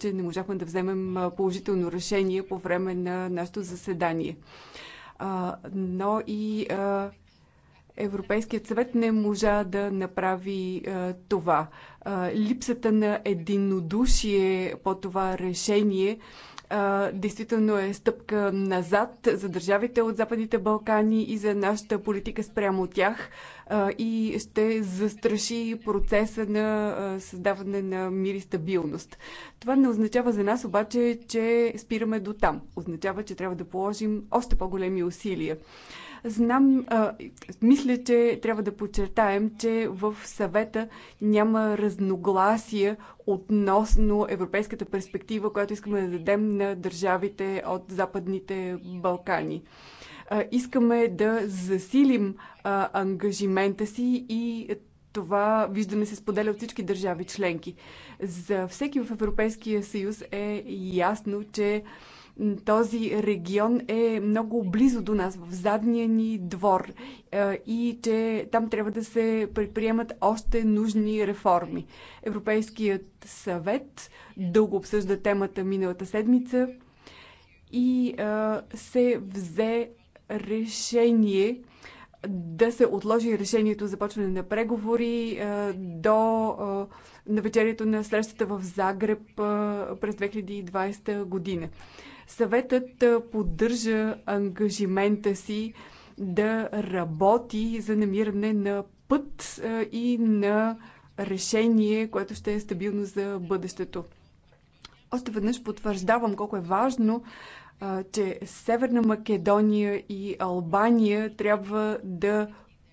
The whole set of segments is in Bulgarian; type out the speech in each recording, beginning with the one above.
че не можахме да вземем положително решение по време на нашето заседание. Но и Европейският съвет не можа да направи а, това. А, липсата на единодушие по това решение а, действително е стъпка назад за държавите от Западните Балкани и за нашата политика спрямо тях а, и ще застраши процеса на а, създаване на мир и стабилност. Това не означава за нас обаче, че спираме до там. Означава, че трябва да положим още по-големи усилия. Знам, а, мисля, че трябва да подчертаем, че в съвета няма разногласия относно европейската перспектива, която искаме да дадем на държавите от Западните Балкани искаме да засилим а, ангажимента си и това виждане се споделя от всички държави членки. За всеки в Европейския съюз е ясно, че този регион е много близо до нас, в задния ни двор и че там трябва да се предприемат още нужни реформи. Европейският съвет дълго обсъжда темата миналата седмица и се взе решение да се отложи решението за почване на преговори до навечерието на срещата в Загреб през 2020 година. Съветът поддържа ангажимента си да работи за намиране на път и на решение, което ще е стабилно за бъдещето. Още веднъж потвърждавам колко е важно, че Северна Македония и Албания трябва да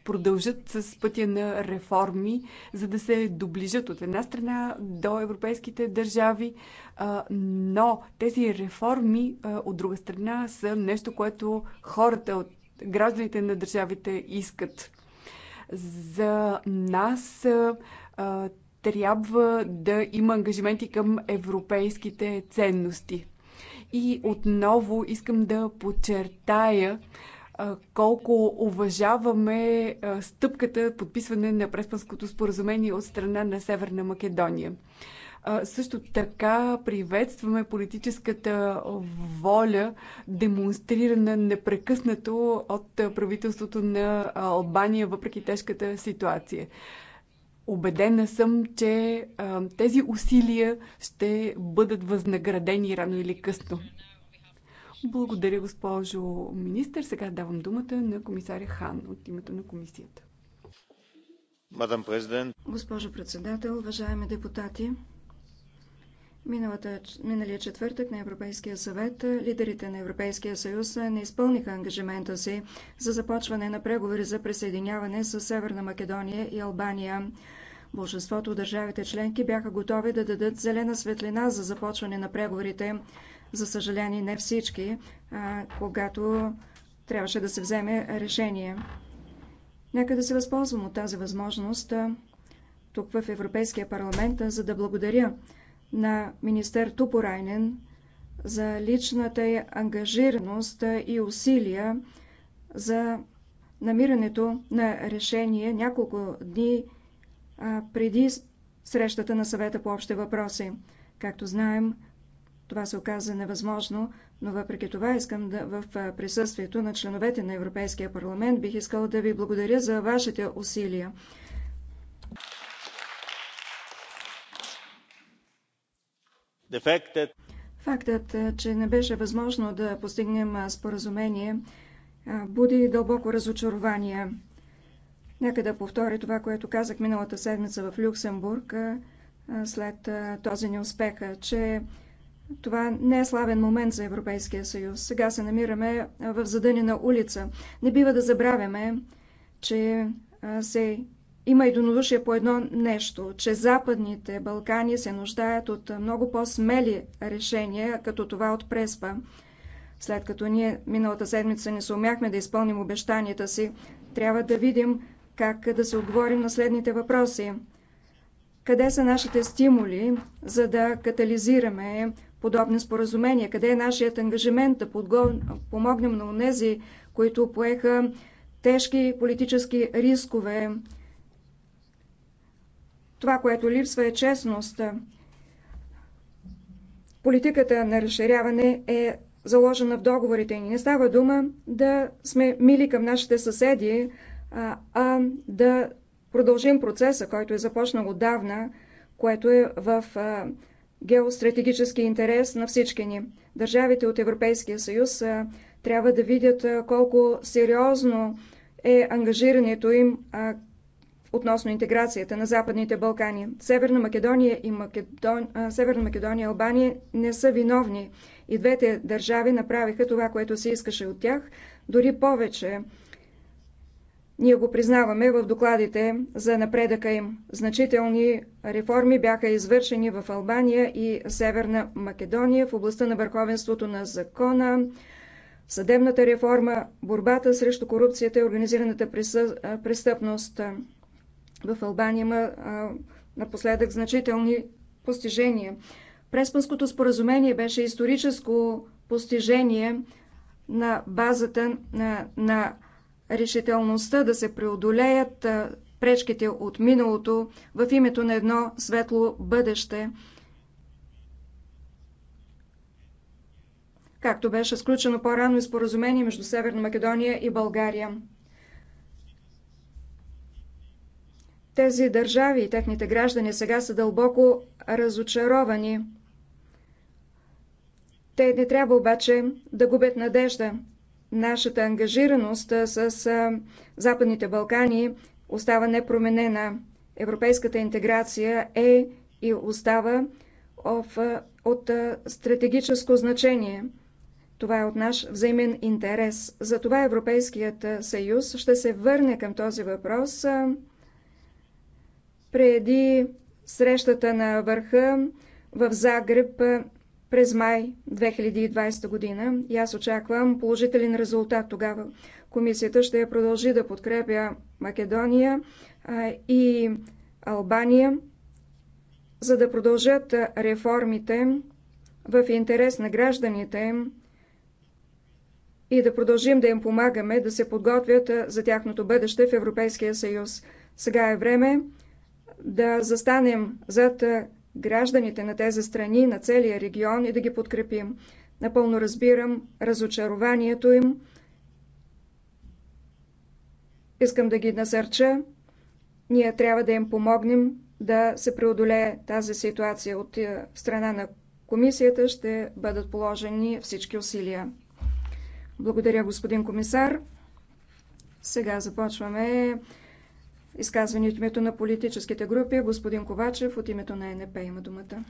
продължат с пътя на реформи, за да се доближат от една страна до европейските държави, но тези реформи от друга страна са нещо, което хората от гражданите на държавите искат. За нас трябва да има ангажименти към европейските ценности. И отново искам да подчертая, колко уважаваме стъпката подписване на Преспанското споразумение от страна на Северна Македония. Също така приветстваме политическата воля, демонстрирана непрекъснато от правителството на Албания, въпреки тежката ситуация. Обедена съм, че тези усилия ще бъдат възнаградени рано или късно. Благодаря, госпожо министър. Сега давам думата на комисаря Хан от името на комисията. Мадам президент. Госпожо председател, уважаеми депутати, Миналата, миналия четвъртък на Европейския съвет лидерите на Европейския съюз не изпълниха ангажимента си за започване на преговори за присъединяване с Северна Македония и Албания. Большинството от държавите членки бяха готови да дадат зелена светлина за започване на преговорите за съжаление не всички, когато трябваше да се вземе решение. Нека да се възползвам от тази възможност тук в Европейския парламент, за да благодаря на министър Тупорайнен за личната й ангажираност и усилия за намирането на решение няколко дни преди срещата на съвета по общи въпроси. Както знаем, това се оказа невъзможно, но въпреки това искам да, в присъствието на членовете на Европейския парламент бих искала да ви благодаря за вашите усилия. Фактът, че не беше възможно да постигнем споразумение, буди дълбоко разочарование. Нека да повторя това, което казах миналата седмица в Люксембург след този неуспех, че това не е славен момент за Европейския съюз. Сега се намираме в задънена улица. Не бива да забравяме, че се има единодушие по едно нещо, че Западните Балкани се нуждаят от много по-смели решения, като това от Преспа. След като ние миналата седмица не умяхме да изпълним обещанията си, трябва да видим как да се отговорим на следните въпроси. Къде са нашите стимули, за да катализираме подобни споразумения? Къде е нашият ангажимент да подго... помогнем на онези, които поеха тежки политически рискове? Това, което липсва е честност. Политиката на разширяване е заложена в договорите ни. Не става дума да сме мили към нашите съседи, а да продължим процеса, който е започнал отдавна, което е в геостратегически интерес на всички ни. Държавите от Европейския съюз трябва да видят колко сериозно е ангажирането им относно интеграцията на Западните Балкани. Северна Македония и Македон... Северна Македония и Албания не са виновни. И двете държави направиха това, което се искаше от тях, дори повече. Ние го признаваме в докладите за напредъка им. Значителни реформи бяха извършени в Албания и Северна Македония в областта на върховенството на закона, съдебната реформа, борбата срещу корупцията и организираната престъпност. В Албания има напоследък значителни постижения. Преспанското споразумение беше историческо постижение на базата на, на решителността да се преодолеят пречките от миналото в името на едно светло бъдеще, както беше сключено по-рано и споразумение между Северна Македония и България. Тези държави и техните граждани сега са дълбоко разочаровани. Те не трябва обаче да губят надежда нашата ангажираност с Западните Балкани остава непроменена. Европейската интеграция е и остава от стратегическо значение. Това е от наш взаимен интерес. Затова Европейският съюз ще се върне към този въпрос преди срещата на върха в Загреб през май 2020 година и аз очаквам положителен резултат тогава. Комисията ще продължи да подкрепя Македония и Албания, за да продължат реформите в интерес на гражданите и да продължим да им помагаме да се подготвят за тяхното бъдеще в Европейския съюз. Сега е време да застанем зад гражданите на тези страни, на целия регион и да ги подкрепим. Напълно разбирам разочарованието им. Искам да ги насърча. Ние трябва да им помогнем да се преодолее тази ситуация. От е, страна на комисията ще бъдат положени всички усилия. Благодаря, господин комисар. Сега започваме Изказване от името на политическите групи. Господин Ковачев от името на НП има думата.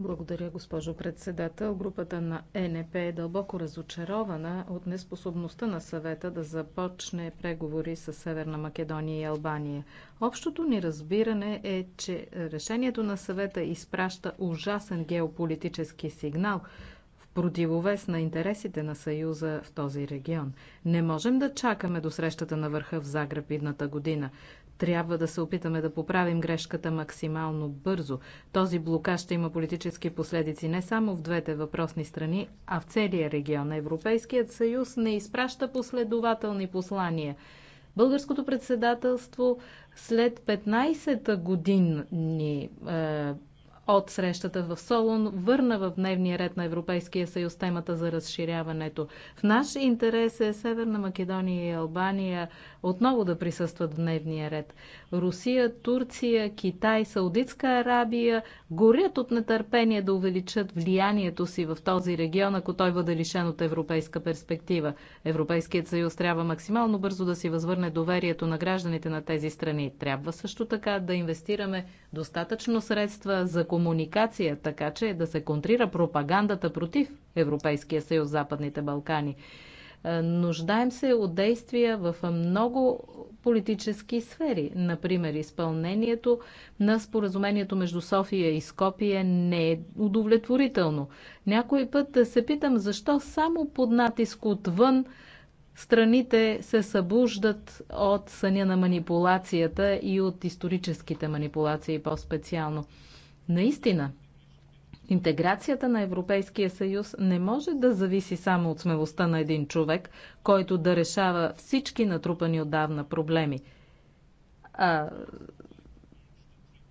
Благодаря, госпожо председател. Групата на НП е дълбоко разочарована от неспособността на съвета да започне преговори с Северна Македония и Албания. Общото ни разбиране е, че решението на съвета изпраща ужасен геополитически сигнал – противовес на интересите на Съюза в този регион. Не можем да чакаме до срещата на върха в Загреб идната година. Трябва да се опитаме да поправим грешката максимално бързо. Този блокаж ще има политически последици не само в двете въпросни страни, а в целия регион. Европейският съюз не изпраща последователни послания. Българското председателство след 15 години е, от срещата в Солон върна в дневния ред на Европейския съюз темата за разширяването. В наш интерес е Северна Македония и Албания отново да присъстват в дневния ред. Русия, Турция, Китай, Саудитска Арабия горят от нетърпение да увеличат влиянието си в този регион, ако той бъде лишен от европейска перспектива. Европейският съюз трябва максимално бързо да си възвърне доверието на гражданите на тези страни. Трябва също така да инвестираме достатъчно средства за комуникация, така че да се контрира пропагандата против Европейския съюз, Западните Балкани нуждаем се от действия в много политически сфери. Например, изпълнението на споразумението между София и Скопие не е удовлетворително. Някой път се питам защо само под натиск отвън страните се събуждат от съня на манипулацията и от историческите манипулации по-специално. Наистина, Интеграцията на Европейския съюз не може да зависи само от смелостта на един човек, който да решава всички натрупани отдавна проблеми. А,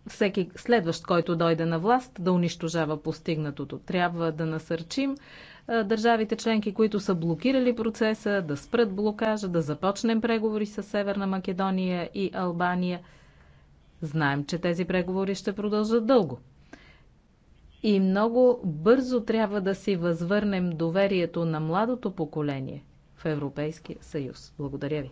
всеки следващ, който дойде на власт, да унищожава постигнатото. Трябва да насърчим а, държавите членки, които са блокирали процеса, да спрат блокажа, да започнем преговори с Северна Македония и Албания. Знаем, че тези преговори ще продължат дълго и много бързо трябва да си възвърнем доверието на младото поколение в Европейския съюз. Благодаря ви.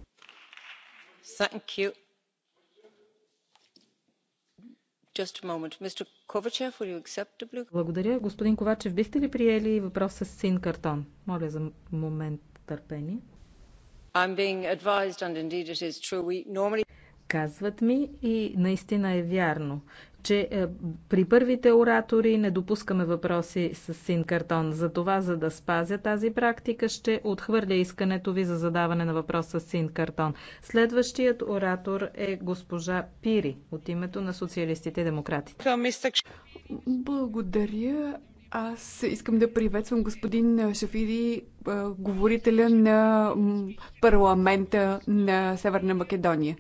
Kovacev, Благодаря. Господин Ковачев, бихте ли приели въпрос с син картон? Моля за момент търпение. Normally... Казват ми и наистина е вярно, че е, при първите оратори не допускаме въпроси с син картон. За това, за да спазя тази практика, ще отхвърля искането ви за задаване на въпрос с син картон. Следващият оратор е госпожа Пири от името на социалистите и демократите. Благодаря. Аз искам да приветствам господин Шафири, говорителя на парламента на Северна Македония.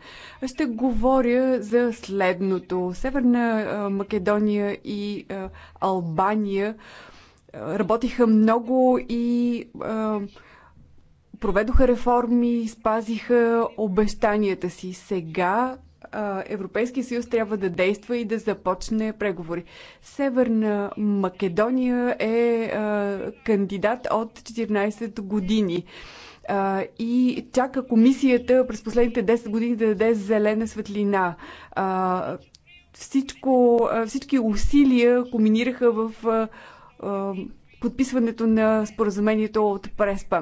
Ще говоря за следното. Северна Македония и Албания работиха много и проведоха реформи, спазиха обещанията си. Сега Европейския съюз трябва да действа и да започне преговори. Северна Македония е кандидат от 14 години и чака комисията през последните 10 години да даде зелена светлина. всичко, всички усилия комбинираха в подписването на споразумението от Преспа.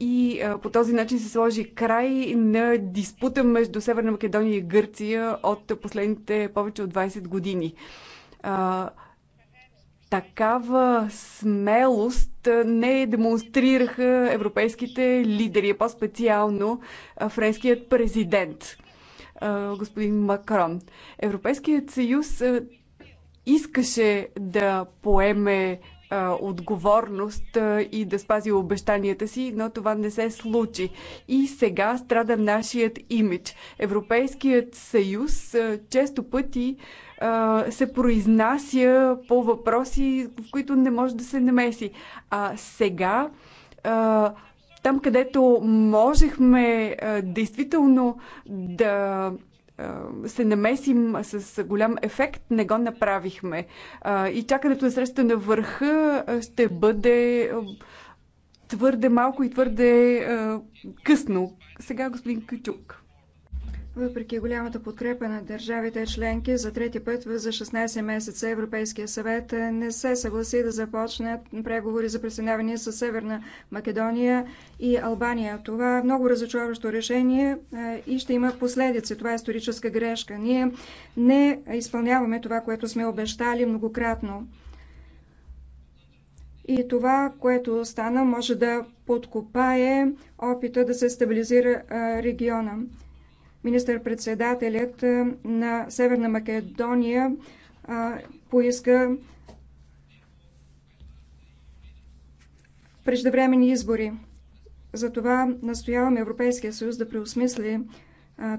И по този начин се сложи край на диспута между Северна Македония и Гърция от последните повече от 20 години. Такава смелост не демонстрираха европейските лидери, по-специално френският президент господин Макрон. Европейският съюз искаше да поеме а, отговорност а, и да спази обещанията си, но това не се случи. И сега страда нашият имидж. Европейският съюз а, често пъти а, се произнася по въпроси, в които не може да се намеси. А сега. А, там, където можехме а, действително да се намесим с голям ефект, не го направихме. И чакането на среща на върха ще бъде твърде малко и твърде късно. Сега господин Кючук. Въпреки голямата подкрепа на държавите членки, за трети път за 16 месеца Европейския съвет не се съгласи да започнат преговори за присъединяване с Северна Македония и Албания. Това е много разочароващо решение и ще има последици. Това е историческа грешка. Ние не изпълняваме това, което сме обещали многократно. И това, което стана, може да подкопае опита да се стабилизира региона. Министър-председателят на Северна Македония поиска преждевременни избори. Затова настояваме Европейския съюз да преосмисли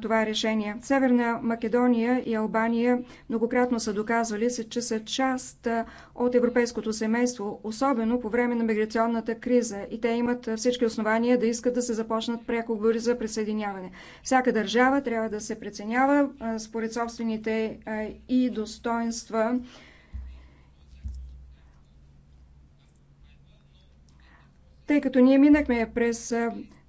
това решение. Северна Македония и Албания многократно са доказвали, че са част от европейското семейство, особено по време на миграционната криза и те имат всички основания да искат да се започнат преговори за присъединяване. Всяка държава трябва да се преценява според собствените и достоинства тъй като ние минахме през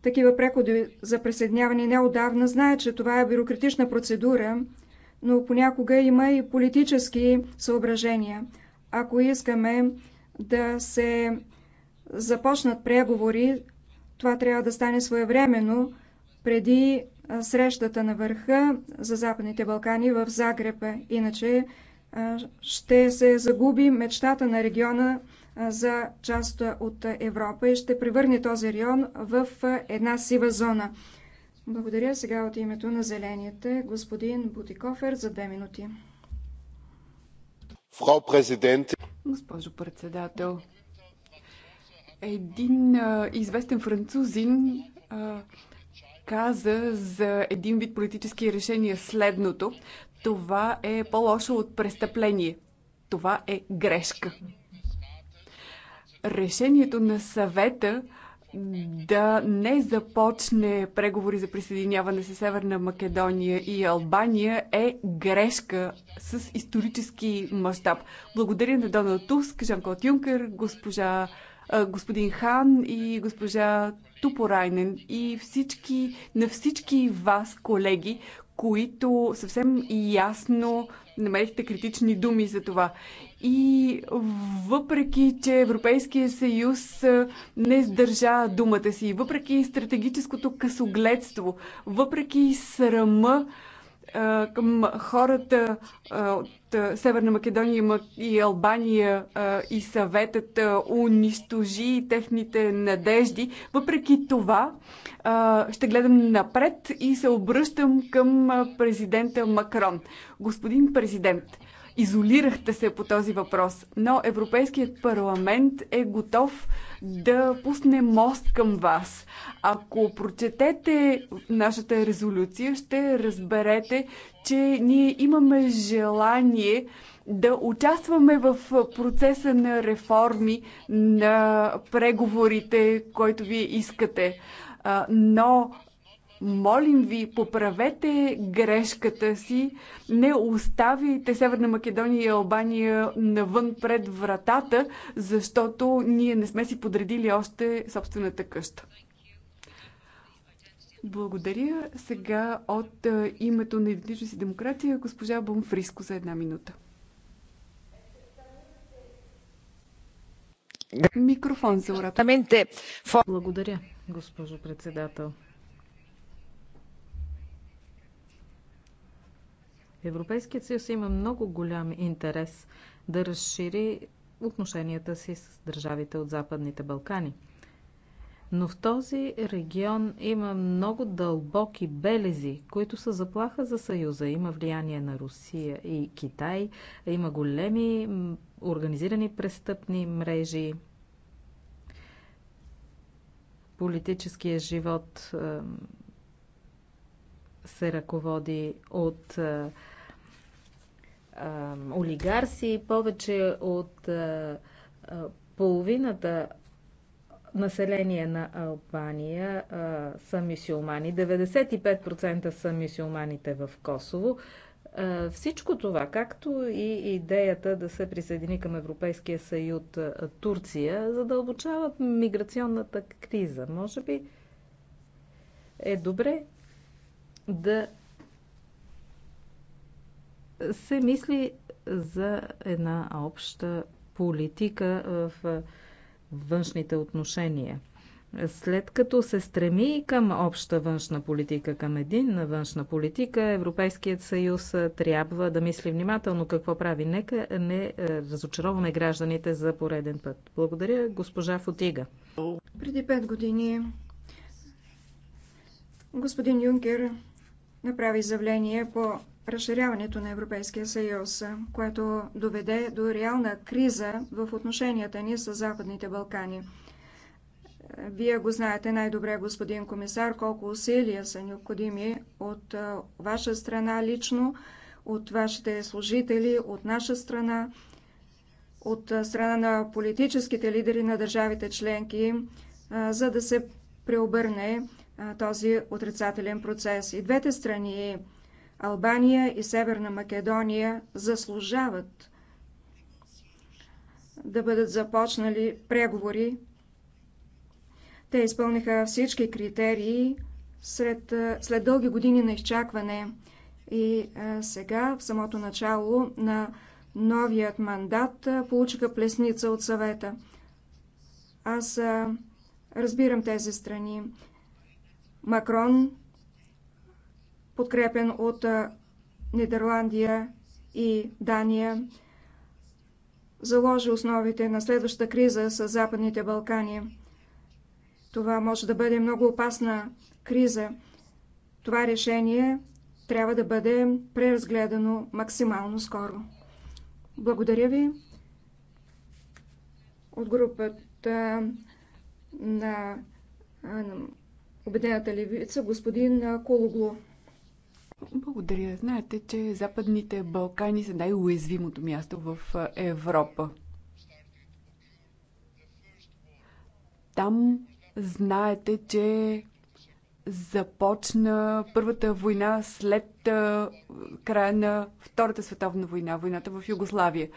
такива преходи за присъединяване неодавна. Знаят, че това е бюрократична процедура, но понякога има и политически съображения. Ако искаме да се започнат преговори, това трябва да стане своевременно, преди срещата на върха за Западните Балкани в Загреб. Иначе ще се загуби мечтата на региона за част от Европа и ще превърне този район в една сива зона. Благодаря сега от името на зелените господин Бутикофер за две минути. Фрау президент. Госпожо председател, един а, известен французин а, каза за един вид политически решения следното. Това е по-лошо от престъпление. Това е грешка решението на съвета да не започне преговори за присъединяване с Северна Македония и Албания е грешка с исторически мащаб. Благодаря на Доналд Туск, Жан-Клод Юнкер, госпожа, господин Хан и госпожа Тупорайнен и всички, на всички вас, колеги, които съвсем ясно намерихте критични думи за това. И въпреки, че Европейския съюз не сдържа думата си, въпреки стратегическото късогледство, въпреки срама, към хората от Северна Македония и Албания и съветът унищожи техните надежди. Въпреки това, ще гледам напред и се обръщам към президента Макрон. Господин президент, Изолирахте се по този въпрос, но Европейският парламент е готов да пусне мост към вас. Ако прочетете нашата резолюция, ще разберете, че ние имаме желание да участваме в процеса на реформи, на преговорите, който вие искате. Но Молим ви, поправете грешката си, не оставяйте Северна Македония и Албания навън пред вратата, защото ние не сме си подредили още собствената къща. Благодаря. Сега от е, името на идентичност и демокрация госпожа Бонфриско за една минута. Микрофон за урата. Благодаря, госпожо председател. Европейският съюз има много голям интерес да разшири отношенията си с държавите от Западните Балкани. Но в този регион има много дълбоки белези, които са заплаха за Съюза. Има влияние на Русия и Китай, има големи организирани престъпни мрежи. Политическия живот се ръководи от олигарси. Повече от половината население на Албания са мисиомани. 95% са мисиоманите в Косово. всичко това, както и идеята да се присъедини към Европейския съюз Турция, задълбочават миграционната криза. Може би е добре да се мисли за една обща политика в външните отношения. След като се стреми към обща външна политика, към единна външна политика, Европейският съюз трябва да мисли внимателно какво прави. Нека не е, разочароваме гражданите за пореден път. Благодаря, госпожа Фотига. Преди пет години господин Юнкер направи изявление по разширяването на Европейския съюз, което доведе до реална криза в отношенията ни с Западните Балкани. Вие го знаете най-добре, господин комисар, колко усилия са необходими от ваша страна лично, от вашите служители, от наша страна, от страна на политическите лидери на държавите членки, за да се преобърне този отрицателен процес. И двете страни Албания и Северна Македония заслужават да бъдат започнали преговори. Те изпълниха всички критерии след, след дълги години на изчакване. И а, сега, в самото начало на новият мандат, получиха плесница от съвета. Аз а, разбирам тези страни. Макрон подкрепен от Нидерландия и Дания, заложи основите на следващата криза с Западните Балкани. Това може да бъде много опасна криза. Това решение трябва да бъде преразгледано максимално скоро. Благодаря ви. От групата на Обедената левица господин Кологло. Благодаря. Знаете, че Западните Балкани са най-уязвимото място в Европа. Там знаете, че започна първата война след края на Втората световна война, войната в Югославия.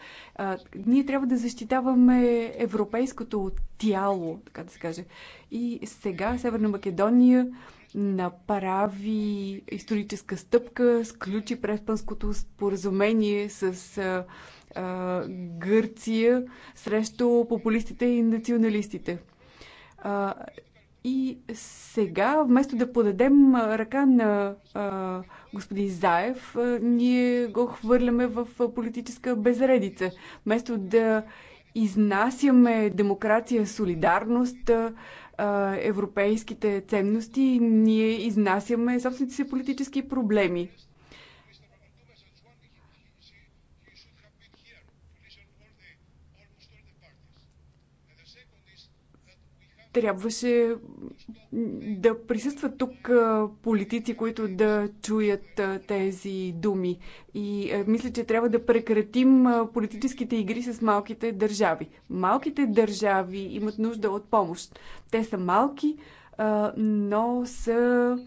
Ние трябва да защитаваме европейското тяло, така да се каже. И сега Северна Македония направи историческа стъпка, сключи преспанското споразумение с а, а, Гърция срещу популистите и националистите. А, и сега, вместо да подадем ръка на а, господин Заев, а, ние го хвърляме в политическа безредица. Вместо да изнасяме демокрация, солидарност, а, европейските ценности, ние изнасяме собствените си политически проблеми. трябваше да присъстват тук политици, които да чуят тези думи. И мисля, че трябва да прекратим политическите игри с малките държави. Малките държави имат нужда от помощ. Те са малки, но са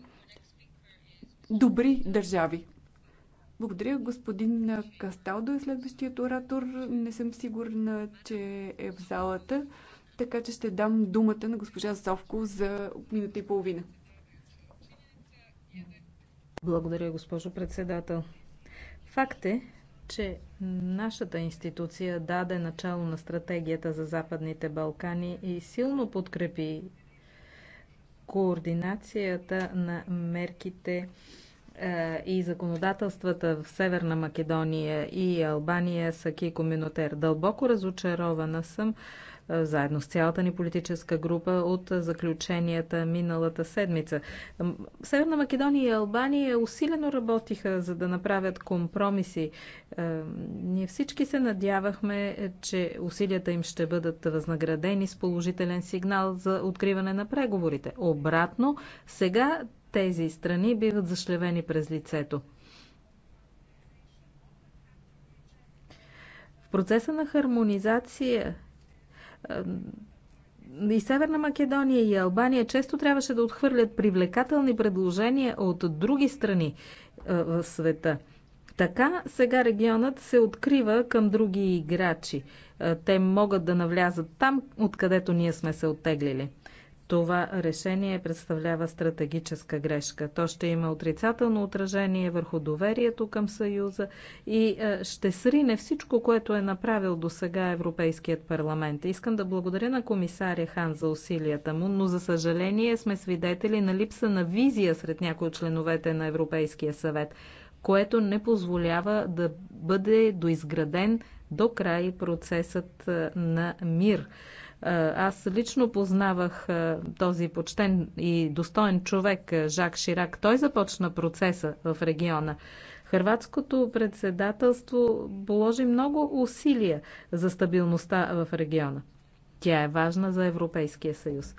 добри държави. Благодаря, господин Касталдо е следващият оратор. Не съм сигурна, че е в залата така че ще дам думата на госпожа Совко за минута и половина. Благодаря, госпожо председател. Факт е, че нашата институция даде начало на стратегията за Западните Балкани и силно подкрепи координацията на мерките е, и законодателствата в Северна Македония и Албания са Кико Минотер. Дълбоко разочарована съм заедно с цялата ни политическа група от заключенията миналата седмица. Северна Македония и Албания усилено работиха за да направят компромиси. Е, ние всички се надявахме, е, че усилията им ще бъдат възнаградени с положителен сигнал за откриване на преговорите. Обратно, сега тези страни биват зашлевени през лицето. В процеса на хармонизация и Северна Македония и Албания често трябваше да отхвърлят привлекателни предложения от други страни в света. Така сега регионът се открива към други играчи. Те могат да навлязат там, откъдето ние сме се оттеглили. Това решение представлява стратегическа грешка. То ще има отрицателно отражение върху доверието към Съюза и е, ще срине всичко, което е направил до сега Европейският парламент. Искам да благодаря на комисаря Хан за усилията му, но за съжаление сме свидетели на липса на визия сред някои от членовете на Европейския съвет, което не позволява да бъде доизграден до край процесът е, на мир. Е, аз лично познавах е, този почтен и достоен човек е, Жак Ширак. Той започна процеса в региона. Хрватското председателство положи много усилия за стабилността в региона. Тя е важна за Европейския съюз.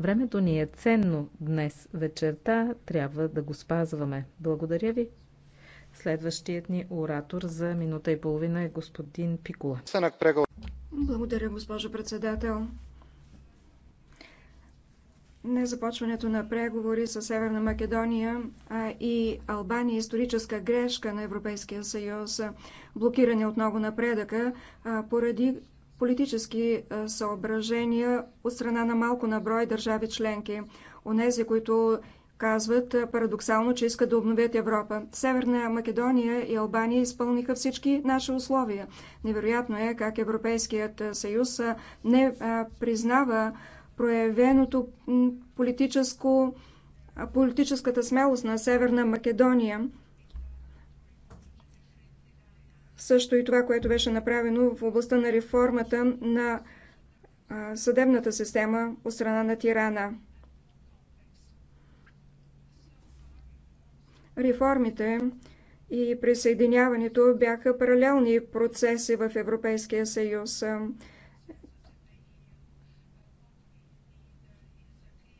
Времето ни е ценно днес вечерта. Трябва да го спазваме. Благодаря ви. Следващият ни оратор за минута и половина е господин Пикула. Благодаря, госпожо председател. Не започването на преговори с Северна Македония и Албания историческа грешка на Европейския съюз, блокиране отново напредъка поради политически съображения от страна на малко на брой държави членки. Онези, които казват парадоксално, че искат да обновят Европа. Северна Македония и Албания изпълниха всички наши условия. Невероятно е как Европейският съюз не признава проявеното политическо, политическата смелост на Северна Македония. Също и това, което беше направено в областта на реформата на съдебната система от страна на Тирана. Реформите и присъединяването бяха паралелни процеси в Европейския съюз.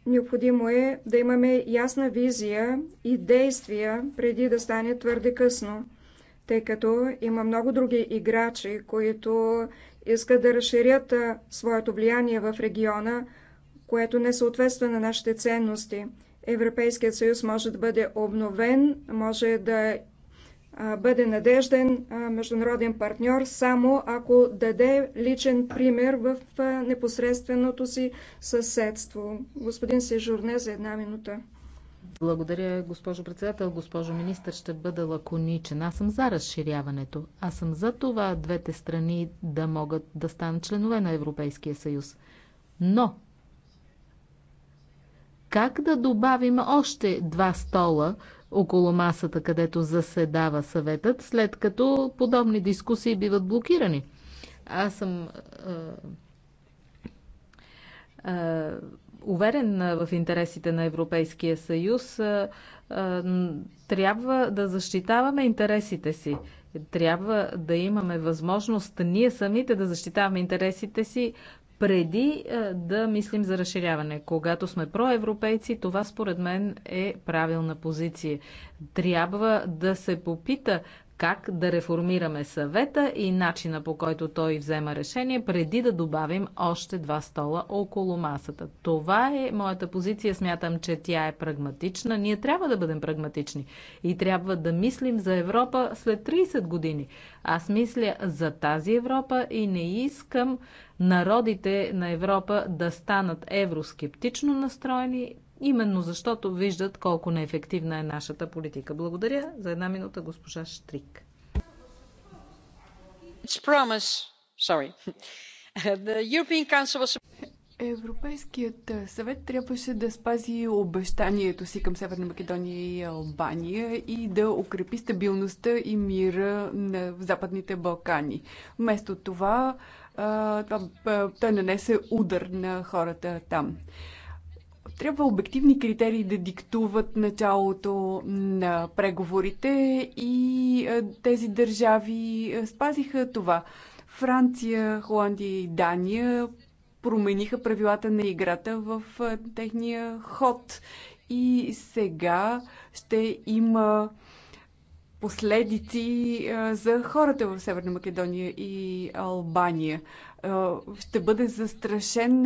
Необходимо е да имаме ясна визия и действия преди да стане твърде късно, тъй като има много други играчи, които искат да разширят своето влияние в региона, което не съответства на нашите ценности. Европейският съюз може да бъде обновен, може да бъде надежден международен партньор, само ако даде личен пример в непосредственото си съседство. Господин Сежурне за една минута. Благодаря, госпожо председател. Госпожо министър, ще бъда лаконичен. Аз съм за разширяването. Аз съм за това двете страни да могат да станат членове на Европейския съюз. Но как да добавим още два стола около масата, където заседава съветът, след като подобни дискусии биват блокирани. Аз съм а, а, уверен в интересите на Европейския съюз. А, а, трябва да защитаваме интересите си. Трябва да имаме възможност ние самите да защитаваме интересите си преди е, да мислим за разширяване. Когато сме проевропейци, това според мен е правилна позиция. Трябва да се попита как да реформираме съвета и начина по който той взема решение, преди да добавим още два стола около масата. Това е моята позиция. Смятам, че тя е прагматична. Ние трябва да бъдем прагматични и трябва да мислим за Европа след 30 години. Аз мисля за тази Европа и не искам народите на Европа да станат евроскептично настроени, именно защото виждат колко неефективна е нашата политика. Благодаря за една минута, госпожа Штрик. Европейският съвет трябваше да спази обещанието си към Северна Македония и Албания и да укрепи стабилността и мира на Западните Балкани. Вместо това, това той нанесе удар на хората там. Трябва обективни критерии да диктуват началото на преговорите и е, тези държави е, спазиха това. Франция, Холандия и Дания промениха правилата на играта в е, техния ход. И сега ще има последици за хората в Северна Македония и Албания ще бъде застрашен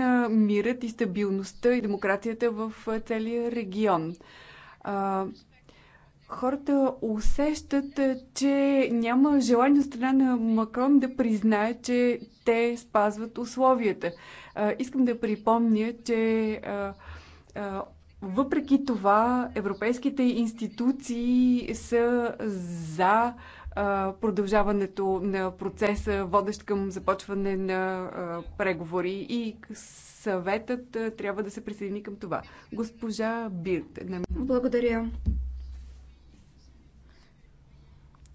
мирът и стабилността и демокрацията в целия регион. Хората усещат, че няма желание от страна на Макрон да признае, че те спазват условията. Искам да припомня, че въпреки това европейските институции са за продължаването на процеса, водещ към започване на преговори и съветът трябва да се присъедини към това. Госпожа Бирт. Не... Благодаря.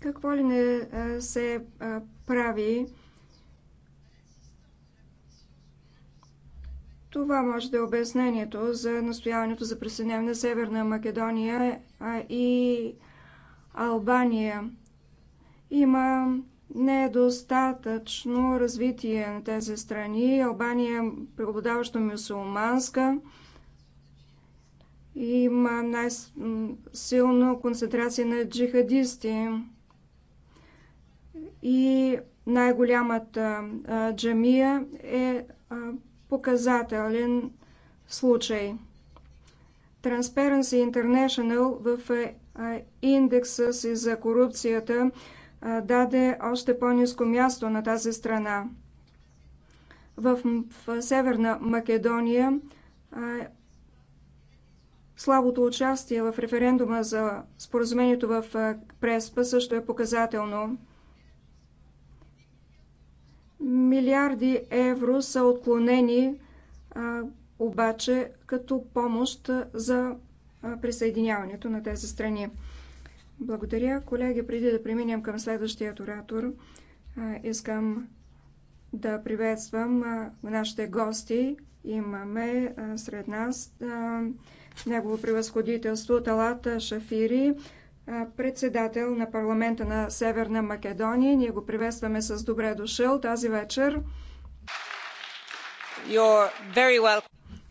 Какво ли не се прави? Това може да е обяснението за настояването за присъединяване на Северна Македония и Албания. Има недостатъчно развитие на тези страни. Албания е преобладаващо мюсулманска. Има най-силно концентрация на джихадисти. И най-голямата джамия е показателен случай. Transparency International в индекса си за корупцията даде още по-низко място на тази страна. В, в Северна Македония слабото участие в референдума за споразумението в Преспа също е показателно. Милиарди евро са отклонени обаче като помощ за присъединяването на тези страни. Благодаря, колеги. Преди да преминем към следващия оратор, искам да приветствам нашите гости. Имаме сред нас негово превъзходителство Талата Шафири, председател на парламента на Северна Македония. Ние го приветстваме с добре дошъл тази вечер.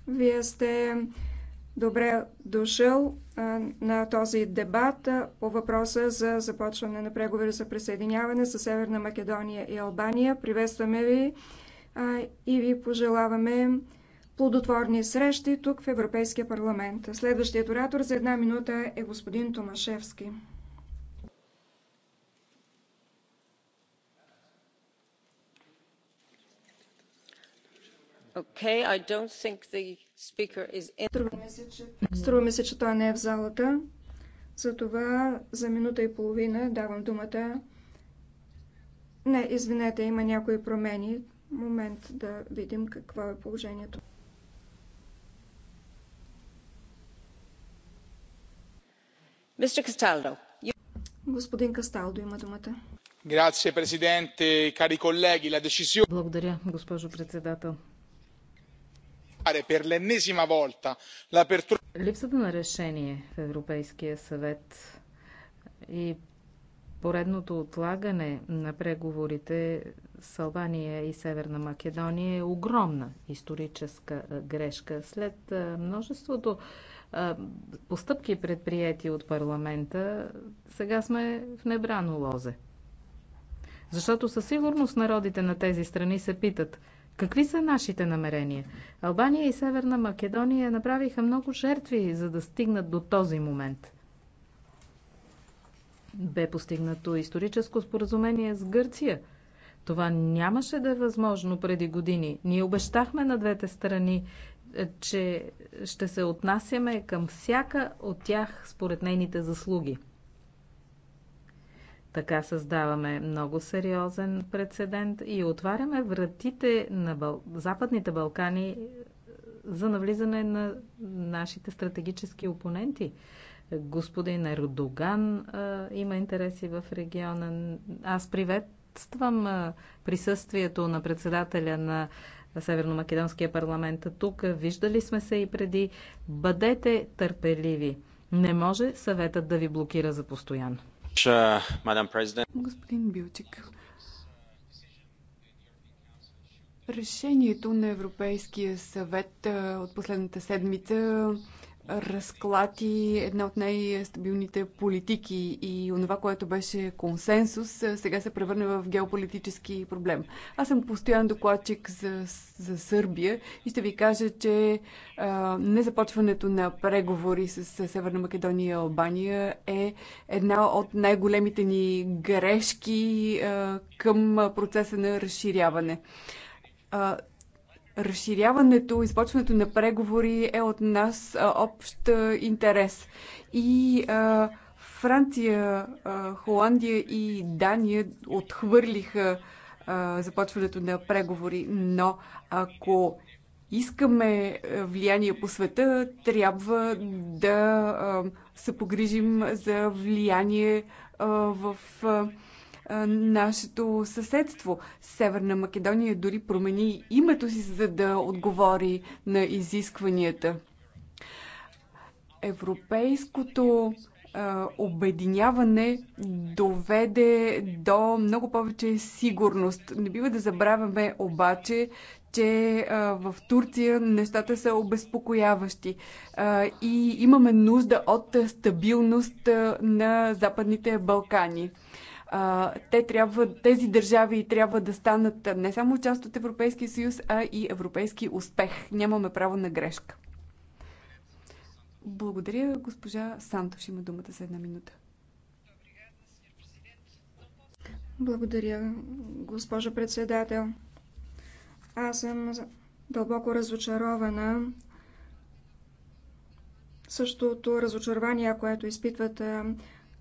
Вие сте Добре дошъл на този дебат по въпроса за започване на преговори за присъединяване с Северна Македония и Албания. Приветстваме ви и ви пожелаваме плодотворни срещи тук в Европейския парламент. Следващият оратор за една минута е господин Томашевски. Струва ми се, че... че той не е в залата. Затова за минута и половина давам думата. Не, извинете, има някои промени. Момент да видим какво е положението. Господин Касталдо има думата. Благодаря, госпожо председател. Липсата на решение в Европейския съвет и поредното отлагане на преговорите с Албания и Северна Македония е огромна историческа грешка. След множеството постъпки предприяти от парламента, сега сме в небрано лозе. Защото със сигурност народите на тези страни се питат – Какви са нашите намерения? Албания и Северна Македония направиха много жертви, за да стигнат до този момент. Бе постигнато историческо споразумение с Гърция. Това нямаше да е възможно преди години. Ние обещахме на двете страни, е, че ще се отнасяме към всяка от тях според нейните заслуги. Така създаваме много сериозен прецедент и отваряме вратите на Бал... Западните Балкани е, за навлизане на нашите стратегически опоненти. Господин Ердоган а, е, има интереси в региона. Аз приветствам а, е, присъствието на председателя на Северно-Македонския парламент тук. Виждали сме се и преди. Бъдете търпеливи. Не може съветът да ви блокира за постоянно. Uh, Господин Билчик, решението на Европейския съвет от последната седмица разклати една от най-стабилните политики и онова, което беше консенсус, сега се превърне в геополитически проблем. Аз съм постоянен докладчик за, за Сърбия и ще ви кажа, че а, незапочването на преговори с, с Северна Македония и Албания е една от най-големите ни грешки а, към процеса на разширяване. А, разширяването, изпочването на преговори е от нас общ интерес. И а, Франция, а, Холандия и Дания отхвърлиха а, започването на преговори, но ако искаме влияние по света, трябва да а, се погрижим за влияние а, в. А, нашето съседство. Северна Македония дори промени името си, за да отговори на изискванията. Европейското обединяване доведе до много повече сигурност. Не бива да забравяме обаче, че в Турция нещата са обезпокояващи и имаме нужда от стабилност на Западните Балкани а, те трябва, тези държави трябва да станат не само част от Европейския съюз, а и европейски успех. Нямаме право на грешка. Благодаря, госпожа Сантош. Има думата за една минута. Благодаря, госпожа председател. Аз съм дълбоко разочарована. Същото разочарование, което изпитват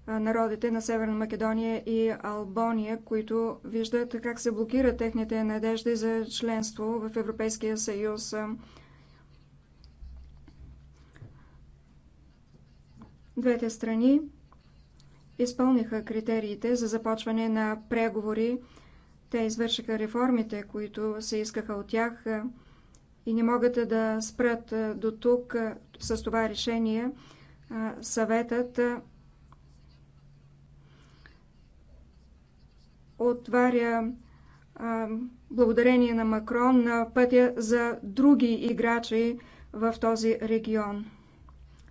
народите на Северна Македония и Албония, които виждат как се блокират техните надежди за членство в Европейския съюз. Двете страни изпълниха критериите за започване на преговори. Те извършиха реформите, които се искаха от тях и не могат да спрат до тук с това решение. Съветът отваря благодарение на Макрон на пътя за други играчи в този регион.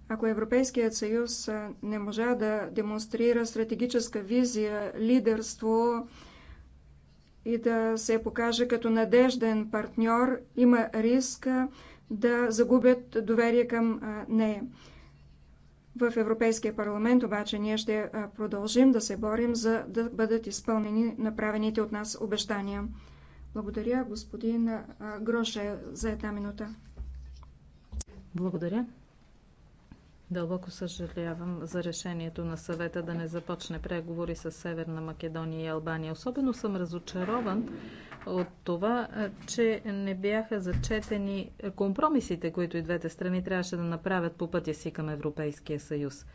Ако Европейският съюз не можа да демонстрира стратегическа визия, лидерство и да се покаже като надежден партньор, има риск да загубят доверие към нея. В Европейския парламент обаче ние ще продължим да се борим за да бъдат изпълнени направените от нас обещания. Благодаря господин Гроше за една минута. Благодаря. Дълбоко съжалявам за решението на съвета да не започне преговори с Северна Македония и Албания. Особено съм разочарован от това, че не бяха зачетени компромисите, които и двете страни трябваше да направят по пътя си към Европейския съюз.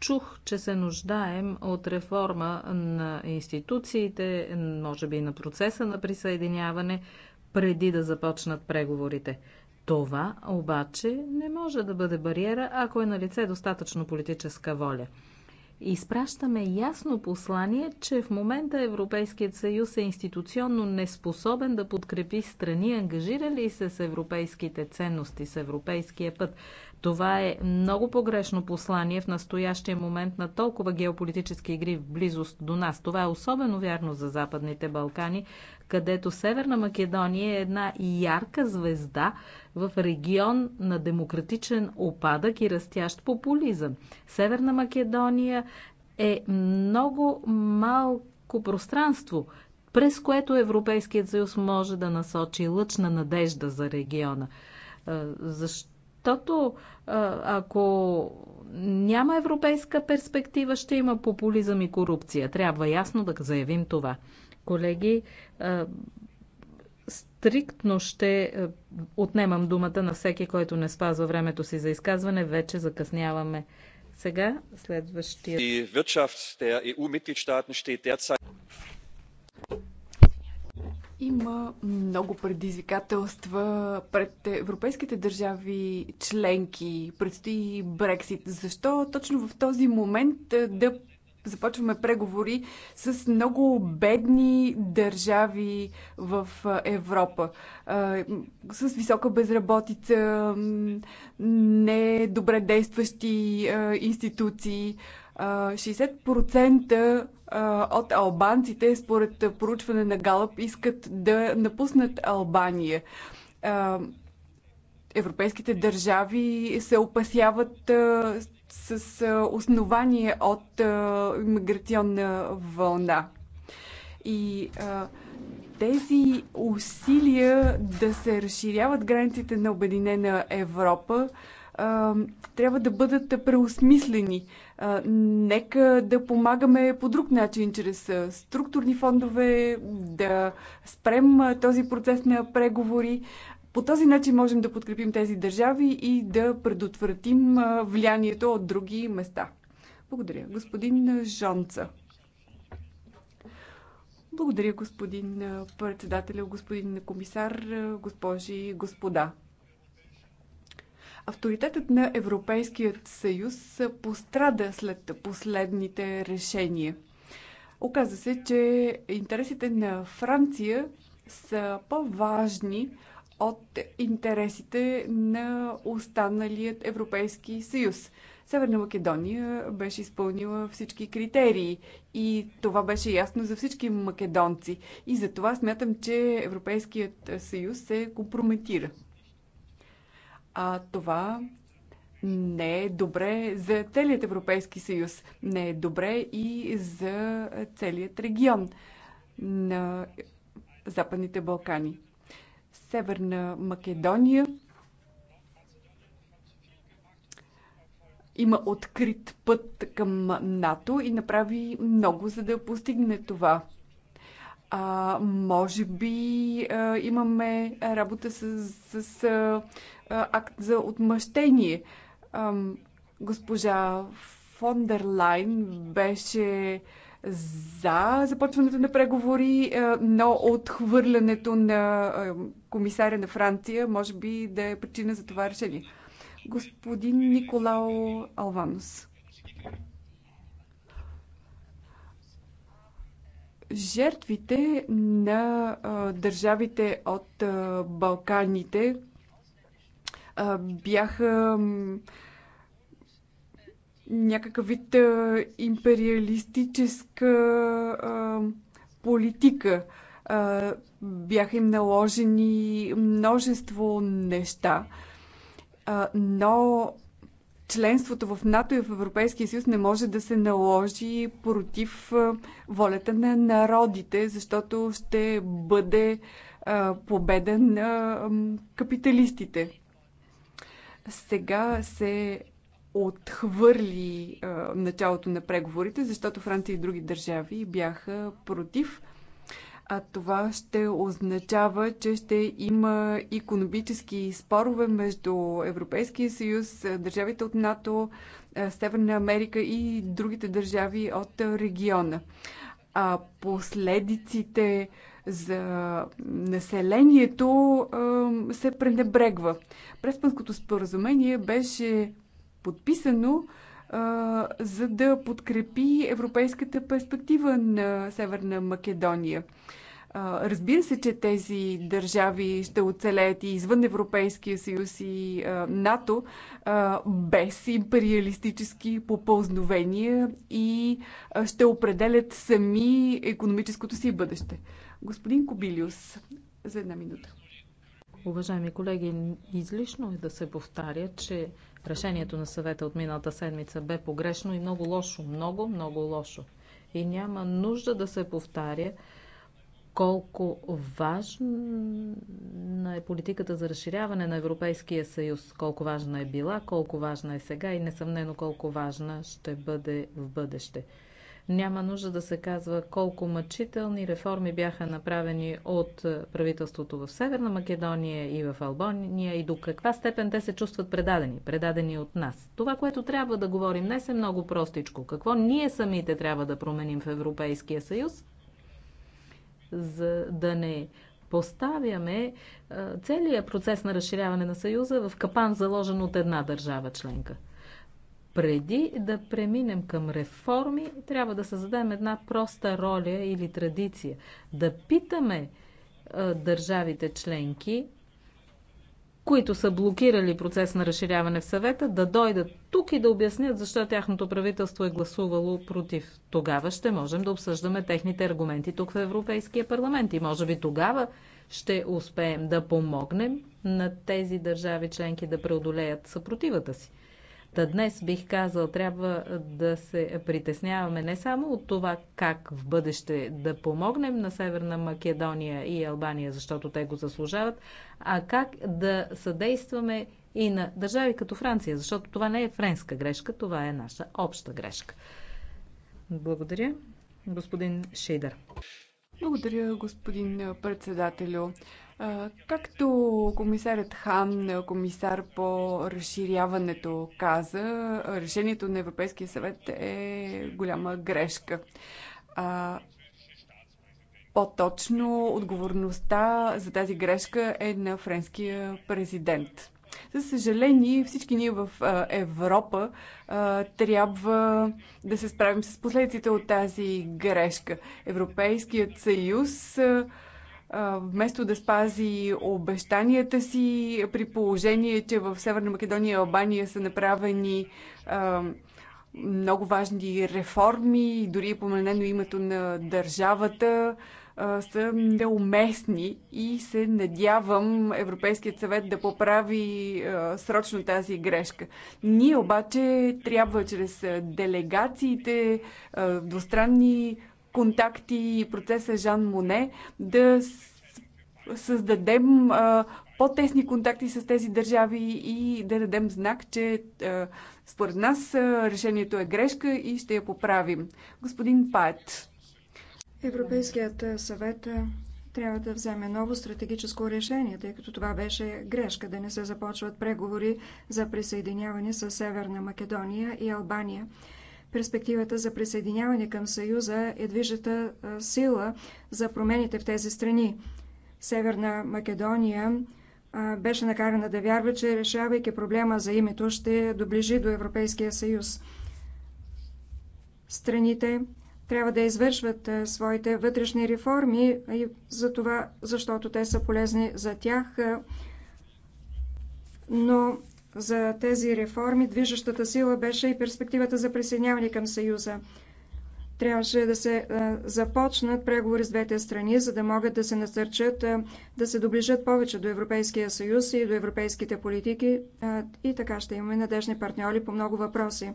Чух, че се нуждаем от реформа на институциите, може би и на процеса на присъединяване, преди да започнат преговорите. Това обаче не може да бъде бариера, ако е на лице достатъчно политическа воля. Изпращаме ясно послание, че в момента Европейският съюз е институционно неспособен да подкрепи страни, ангажирали се с европейските ценности, с европейския път. Това е много погрешно послание в настоящия момент на толкова геополитически игри в близост до нас. Това е особено вярно за Западните Балкани, където Северна Македония е една ярка звезда в регион на демократичен опадък и растящ популизъм. Северна Македония е много малко пространство, през което Европейският съюз може да насочи лъчна надежда за региона. Е, защо? Тото, ако няма европейска перспектива, ще има популизъм и корупция. Трябва ясно да заявим това. Колеги, стриктно ще отнемам думата на всеки, който не спазва времето си за изказване. Вече закъсняваме. Сега следващия. Има много предизвикателства пред европейските държави членки. Предстои Брексит. Защо точно в този момент е, да започваме преговори с много бедни държави в е, Европа. Е, с висока безработица, недобре действащи институции. 60% от албанците, според проучване на Галъп, искат да напуснат Албания. Европейските държави се опасяват с основание от миграционна вълна. И тези усилия да се разширяват границите на Обединена Европа трябва да бъдат преосмислени. Нека да помагаме по друг начин, чрез структурни фондове, да спрем този процес на преговори. По този начин можем да подкрепим тези държави и да предотвратим влиянието от други места. Благодаря. Господин Жонца. Благодаря, господин председател, господин комисар, госпожи и господа. Авторитетът на Европейският съюз пострада след последните решения. Оказа се, че интересите на Франция са по-важни от интересите на останалият Европейски съюз. Северна Македония беше изпълнила всички критерии и това беше ясно за всички македонци. И за това смятам, че Европейският съюз се компрометира. А това не е добре за целият Европейски съюз, не е добре и за целият регион на Западните Балкани. Северна Македония има открит път към НАТО и направи много, за да постигне това. А, може би а, имаме работа с, с, с а, акт за отмъщение. А, госпожа Фондерлайн беше за започването на преговори, но отхвърлянето на комисаря на Франция може би да е причина за това решение. Господин Николао Алванус. жертвите на държавите от Балканите бяха някакъв вид империалистическа политика. Бяха им наложени множество неща, но членството в НАТО и в Европейския съюз не може да се наложи против волята на народите, защото ще бъде победа на капиталистите. Сега се отхвърли началото на преговорите, защото Франция и други държави бяха против. А това ще означава, че ще има економически спорове между Европейския съюз, е, държавите от НАТО, е, Северна Америка и другите държави от региона. А последиците за населението е, се пренебрегва. Преспанското споразумение беше подписано за да подкрепи европейската перспектива на Северна Македония. Разбира се, че тези държави ще оцелеят и извън Европейския съюз и НАТО без империалистически попълзновения и ще определят сами економическото си бъдеще. Господин Кобилиус, за една минута. Уважаеми колеги, излишно е да се повтаря, че решението на съвета от миналата седмица бе погрешно и много лошо. Много, много лошо. И няма нужда да се повтаря, колко важна е политиката за разширяване на Европейския съюз, колко важна е била, колко важна е сега и несъмнено колко важна ще бъде в бъдеще. Няма нужда да се казва колко мъчителни реформи бяха направени от правителството в Северна Македония и в Албония, и до каква степен те се чувстват предадени, предадени от нас. Това, което трябва да говорим днес е много простичко. Какво ние самите трябва да променим в Европейския съюз, за да не поставяме целият процес на разширяване на Съюза в капан, заложен от една държава членка. Преди да преминем към реформи, трябва да създадем една проста роля или традиция. Да питаме държавите членки които са блокирали процес на разширяване в съвета, да дойдат тук и да обяснят защо тяхното правителство е гласувало против. Тогава ще можем да обсъждаме техните аргументи тук в Европейския парламент и може би тогава ще успеем да помогнем на тези държави членки да преодолеят съпротивата си. Та днес бих казал, трябва да се притесняваме не само от това как в бъдеще да помогнем на Северна Македония и Албания, защото те го заслужават, а как да съдействаме и на държави като Франция, защото това не е френска грешка, това е наша обща грешка. Благодаря. Господин Шейдър. Благодаря, господин председателю. Както комисарят Хан, комисар по разширяването, каза, решението на Европейския съвет е голяма грешка. По-точно отговорността за тази грешка е на френския президент. За съжаление, всички ние в Европа трябва да се справим с последиците от тази грешка. Европейският съюз. А, вместо да спази обещанията си, при положение, че в Северна Македония и Албания са направени много важни реформи, дори е поменено името на държавата, са неуместни и се надявам Европейският съвет да поправи срочно тази грешка. Ние обаче трябва чрез делегациите, двустранни контакти и процеса Жан Моне, да създадем по-тесни контакти с тези държави и да дадем знак, че според нас решението е грешка и ще я поправим. Господин Пат. Европейският съвет трябва да вземе ново стратегическо решение, тъй като това беше грешка да не се започват преговори за присъединяване с Северна Македония и Албания. Перспективата за присъединяване към Съюза е движата сила за промените в тези страни. Северна Македония беше накарана да вярва, че решавайки проблема за името, ще доближи до Европейския съюз. Страните трябва да извършват своите вътрешни реформи, и за това, защото те са полезни за тях, но за тези реформи движещата сила беше и перспективата за присъединяване към Съюза. Трябваше да се започнат преговори с двете страни, за да могат да се насърчат, да се доближат повече до Европейския съюз и до европейските политики и така ще имаме надежни партньори по много въпроси.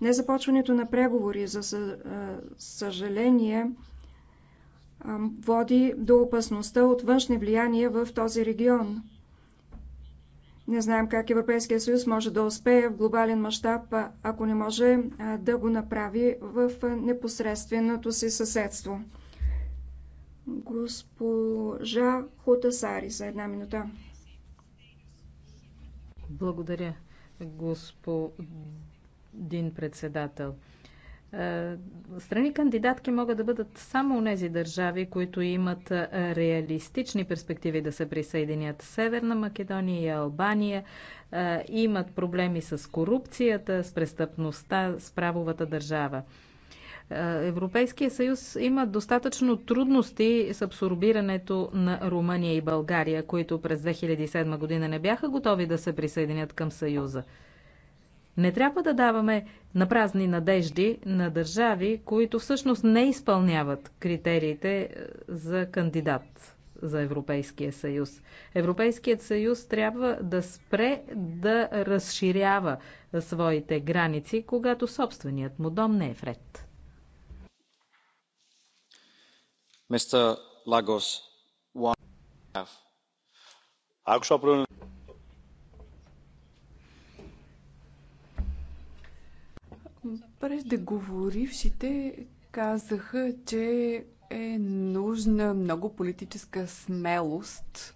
Незапочването на преговори, за съжаление, води до опасността от външни влияния в този регион – не знаем как Европейския съюз може да успее в глобален мащаб, ако не може да го направи в непосредственото си съседство. Госпожа Хутасари за една минута. Благодаря, господин председател. Е, страни кандидатки могат да бъдат само у нези държави, които имат е, реалистични перспективи да се присъединят. Северна Македония и Албания е, имат проблеми с корупцията, с престъпността, с правовата държава. Европейския съюз има достатъчно трудности с абсорбирането на Румъния и България, които през 2007 година не бяха готови да се присъединят към съюза. Не трябва да даваме на празни надежди на държави, които всъщност не изпълняват критериите е, за кандидат за Европейския съюз. Европейският съюз трябва да спре да разширява своите граници, когато собственият му дом не е вред. Мистер Лагос, one... Преждеговорившите казаха, че е нужна много политическа смелост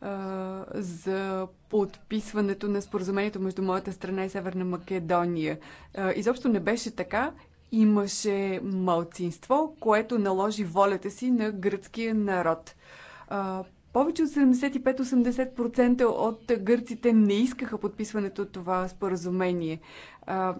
а, за подписването на споразумението между моята страна и Северна Македония. А, изобщо не беше така. Имаше мълцинство, което наложи волята си на гръцкия народ. А, повече от 75-80% от гърците не искаха подписването това споразумение. А,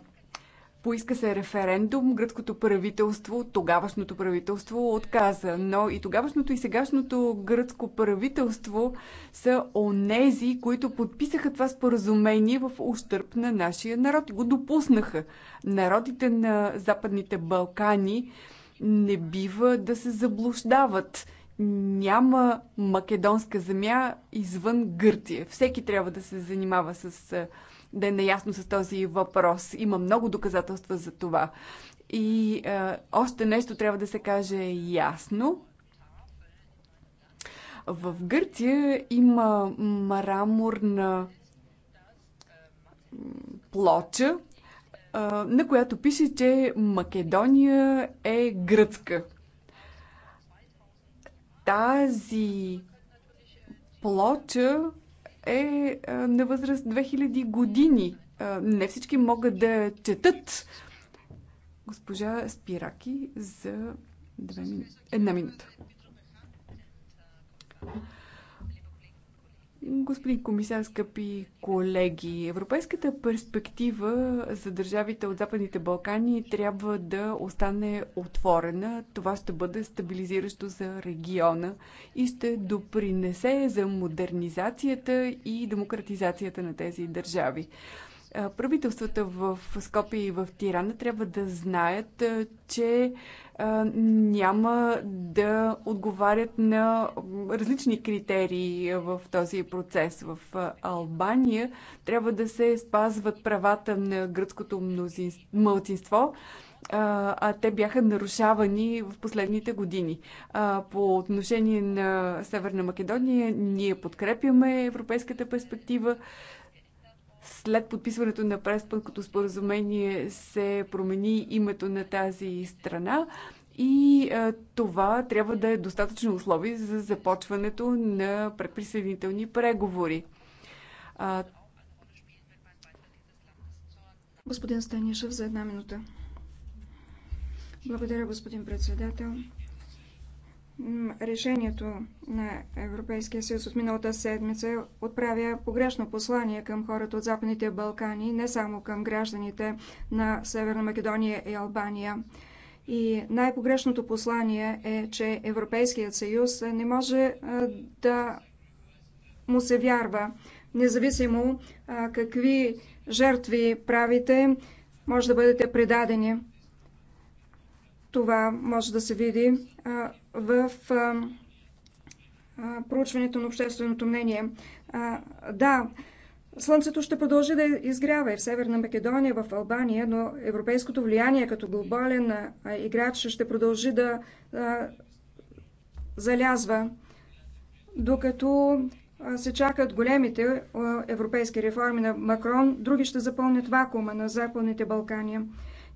Поиска се референдум, гръцкото правителство, тогавашното правителство отказа, но и тогавашното и сегашното гръцко правителство са онези, които подписаха това споразумение в ущърп на нашия народ го допуснаха. Народите на Западните Балкани не бива да се заблуждават. Няма македонска земя извън Гърция. Всеки трябва да се занимава с да е наясно с този въпрос. Има много доказателства за това. И е, още нещо трябва да се каже ясно. В Гърция има мраморна плоча, е, на която пише, че Македония е гръцка. Тази плоча е на възраст 2000 години. Не всички могат да четат. Госпожа Спираки за две мин... една минута. Господин комисар, скъпи колеги, европейската перспектива за държавите от Западните Балкани трябва да остане отворена. Това ще бъде стабилизиращо за региона и ще допринесе за модернизацията и демократизацията на тези държави. Правителствата в Скопия и в Тирана трябва да знаят, че няма да отговарят на различни критерии в този процес. В Албания трябва да се спазват правата на гръцкото мълцинство, а те бяха нарушавани в последните години. По отношение на Северна Македония, ние подкрепяме европейската перспектива след подписването на преспънското споразумение се промени името на тази страна и а, е, това трябва да е достатъчно условие за започването на предприсъединителни преговори. А... Господин Станишев, за една минута. Благодаря, господин председател решението на Европейския съюз от миналата седмица отправя погрешно послание към хората от Западните Балкани, не само към гражданите на Северна Македония и Албания. И най-погрешното послание е, че Европейският съюз не може да му се вярва, независимо какви жертви правите, може да бъдете предадени. Това може да се види в проучването на общественото мнение. Да, Слънцето ще продължи да изгрява и в Северна Македония, в Албания, но европейското влияние като глобален играч ще продължи да залязва, докато се чакат големите европейски реформи на Макрон, други ще запълнят вакуума на Западните Балкания.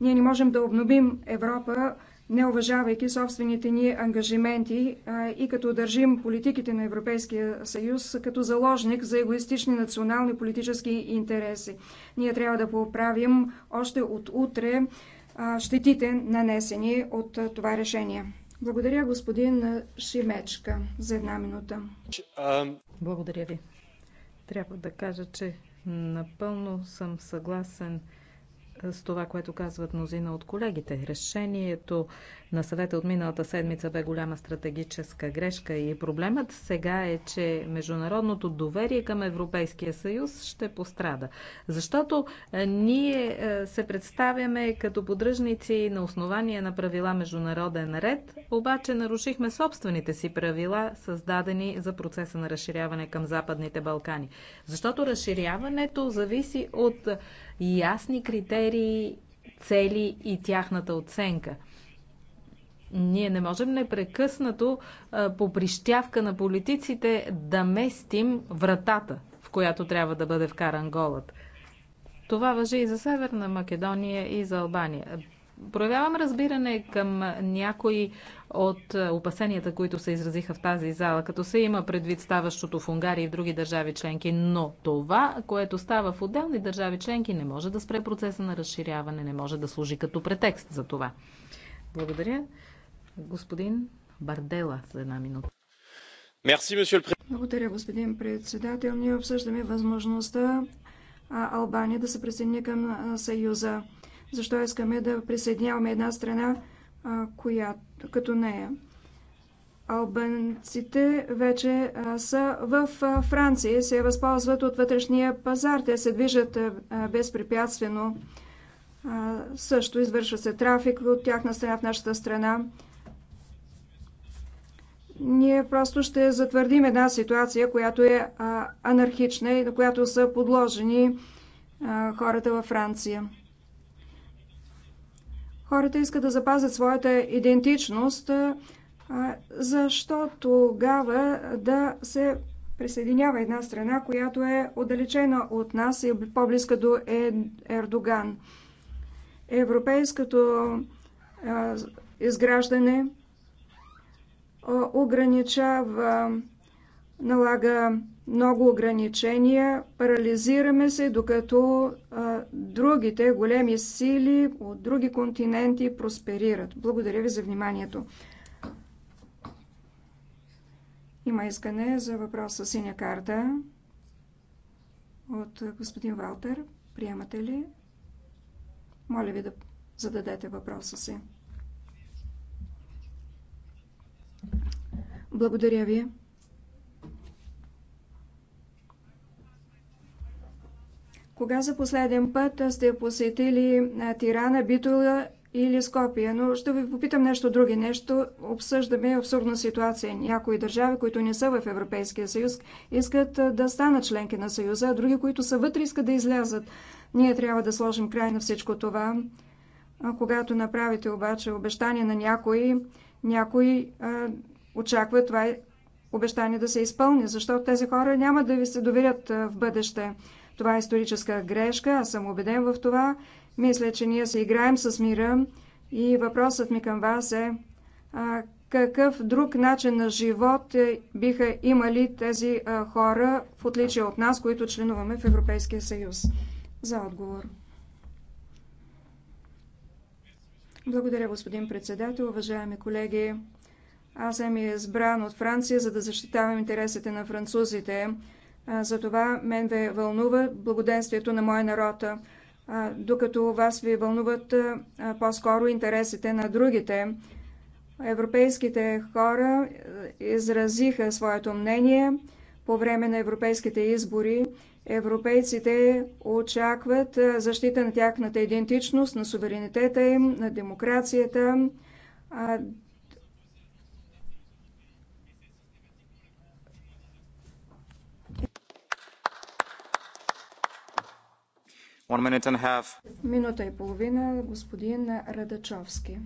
Ние не можем да обновим Европа не уважавайки собствените ни ангажименти и като държим политиките на Европейския съюз като заложник за егоистични национални политически интереси. Ние трябва да поправим още от утре щетите нанесени от това решение. Благодаря господин Шимечка за една минута. Благодаря ви. Трябва да кажа, че напълно съм съгласен с това, което казват мнозина от колегите. Решението на съвета от миналата седмица бе голяма стратегическа грешка и проблемът сега е, че международното доверие към Европейския съюз ще пострада. Защото е, ние е, се представяме като подръжници на основание на правила международен ред, обаче нарушихме собствените си правила, създадени за процеса на разширяване към Западните Балкани. Защото разширяването зависи от е, ясни критерии, цели и тяхната оценка. Ние не можем непрекъснато по прищявка на политиците да местим вратата, в която трябва да бъде вкаран голът. Това въжи и за Северна Македония и за Албания. Проявявам разбиране към някои от опасенията, които се изразиха в тази зала, като се има предвид ставащото в Унгария и в други държави членки, но това, което става в отделни държави членки, не може да спре процеса на разширяване, не може да служи като претекст за това. Благодаря. Господин Бардела за една минута. Благодаря, господин председател. Ние обсъждаме възможността Албания да се присъедини към Съюза. Защо искаме да присъединяваме една страна, коя, като нея? Албанците вече са в Франция и се възползват от вътрешния пазар. Те се движат безпрепятствено. Също извършва се трафик от тяхна страна в нашата страна. Ние просто ще затвърдим една ситуация, която е анархична и на която са подложени хората във Франция. Хората искат да запазят своята идентичност, защо тогава да се присъединява една страна, която е отдалечена от нас и по-близка до е, Ердоган. Европейското изграждане ограничава, налага много ограничения, парализираме се, докато а, другите големи сили от други континенти просперират. Благодаря ви за вниманието. Има искане за въпрос с синя карта от господин Валтер. Приемате ли? Моля ви да зададете въпроса си. Благодаря ви. Кога за последен път сте посетили Тирана, Битула или Скопия, но ще ви попитам нещо друго. Нещо обсъждаме абсурдна ситуация. Някои държави, които не са в Европейския съюз, искат да станат членки на съюза, а други, които са вътре, искат да излязат. Ние трябва да сложим край на всичко това. А когато направите обаче обещание на някои, някои а, очаква това обещание да се изпълни, защото тези хора няма да ви се доверят в бъдеще. Това е историческа грешка, аз съм убеден в това. Мисля, че ние се играем с мира и въпросът ми към вас е а, какъв друг начин на живот е, биха имали тези а, хора, в отличие от нас, които членуваме в Европейския съюз? За отговор. Благодаря, господин председател. Уважаеми колеги, аз съм избран от Франция, за да защитавам интересите на французите. Затова мен ви вълнува благоденствието на моя народ, докато вас ви вълнуват по-скоро интересите на другите. Европейските хора изразиха своето мнение по време на европейските избори. Европейците очакват защита на тяхната идентичност, на суверенитета им, на демокрацията, Минута и половина, господин Радачовски.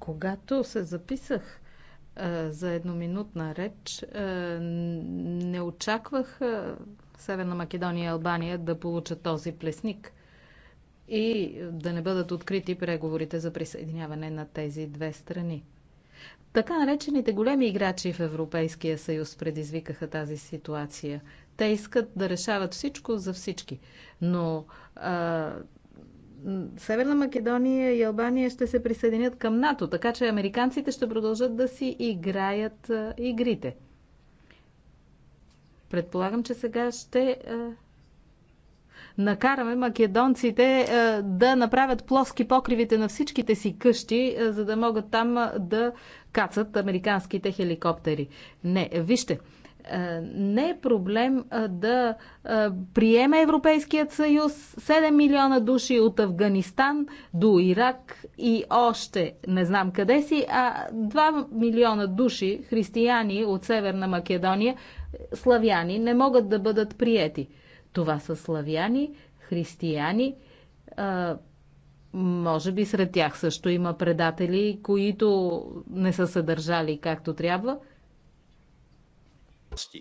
Когато се записах за едноминутна реч, не очаквах Северна Македония и Албания да получат този плесник и да не бъдат открити преговорите за присъединяване на тези две страни. Така наречените големи играчи в Европейския съюз предизвикаха тази ситуация. Те искат да решават всичко за всички. Но а, Северна Македония и Албания ще се присъединят към НАТО, така че американците ще продължат да си играят а, игрите. Предполагам, че сега ще а, накараме македонците е, да направят плоски покривите на всичките си къщи, е, за да могат там е, да кацат американските хеликоптери. Не, вижте, не е проблем да приеме Европейският съюз 7 милиона души от Афганистан до Ирак и още не знам къде си, а 2 милиона души християни от Северна Македония, славяни, не могат да бъдат приети. Това са славяни, християни, а, може би сред тях също има предатели, които не са се държали както трябва. Е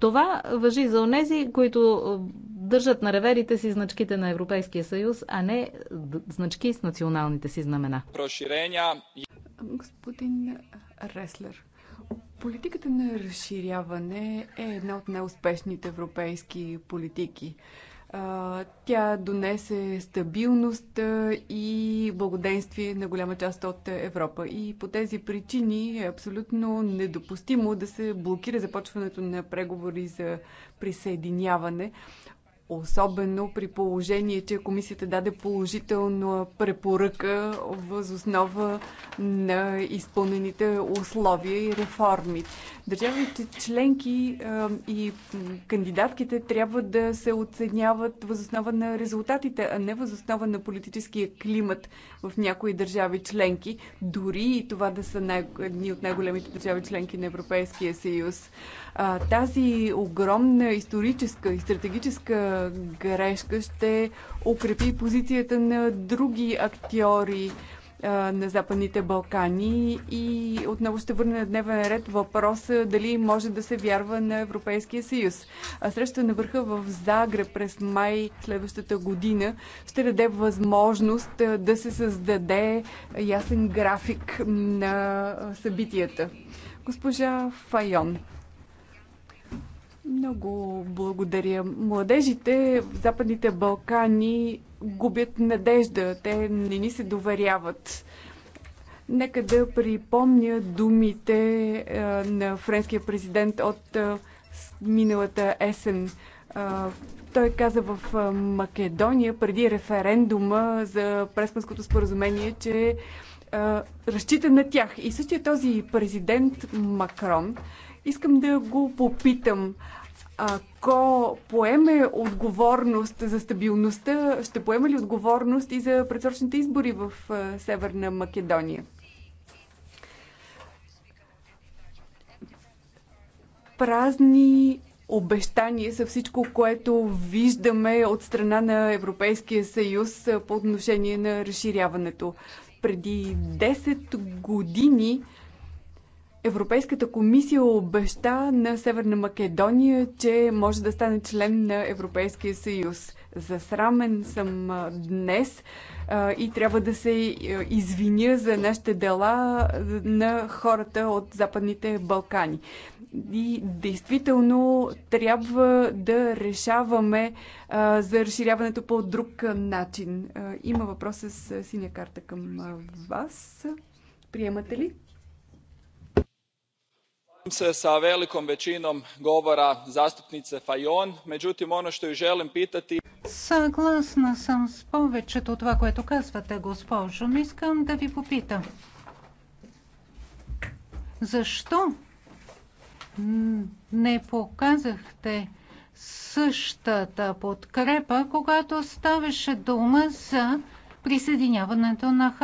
това въжи за онези, които държат на реверите си значките на Европейския съюз, а не значки с националните си знамена. Господин Реслер, Политиката на разширяване е една от най-успешните европейски политики. Тя донесе стабилност и благоденствие на голяма част от Европа. И по тези причини е абсолютно недопустимо да се блокира започването на преговори за присъединяване Особено при положение, че комисията даде положителна препоръка въз основа на изпълнените условия и реформи. Държавите членки и кандидатките трябва да се оценяват въз основа на резултатите, а не въз основа на политическия климат в някои държави членки, дори и това да са едни от най-големите държави членки на Европейския съюз. А, тази огромна историческа и стратегическа грешка ще укрепи позицията на други актьори на Западните Балкани и отново ще върне на дневен ред въпроса дали може да се вярва на Европейския съюз. А среща на върха в Загреб през май следващата година ще даде възможност да се създаде ясен график на събитията. Госпожа Файон. Много благодаря. Младежите в Западните Балкани губят надежда. Те не ни се доверяват. Нека да припомня думите е, на френския президент от е, миналата есен. Е, той каза в Македония преди референдума за Преспанското споразумение, че разчита на тях. И същия този президент Макрон Искам да го попитам. Ако поеме отговорност за стабилността, ще поеме ли отговорност и за предсрочните избори в Северна Македония? Празни обещания са всичко, което виждаме от страна на Европейския съюз по отношение на разширяването. Преди 10 години Европейската комисия обеща на Северна Македония, че може да стане член на Европейския съюз. Засрамен съм днес и трябва да се извиня за нашите дела на хората от Западните Балкани. И действително трябва да решаваме за разширяването по друг начин. Има въпрос с синя карта към вас. Приемате ли? slažem se s velikom većinom govora zastupnice fajon međutim ono što ju želim pitati. съгласна съм с повечето от това което казвате госпожо но искам да ви попитам защо не показахте същата подкрепа, когато ставаше дума за присъединяването на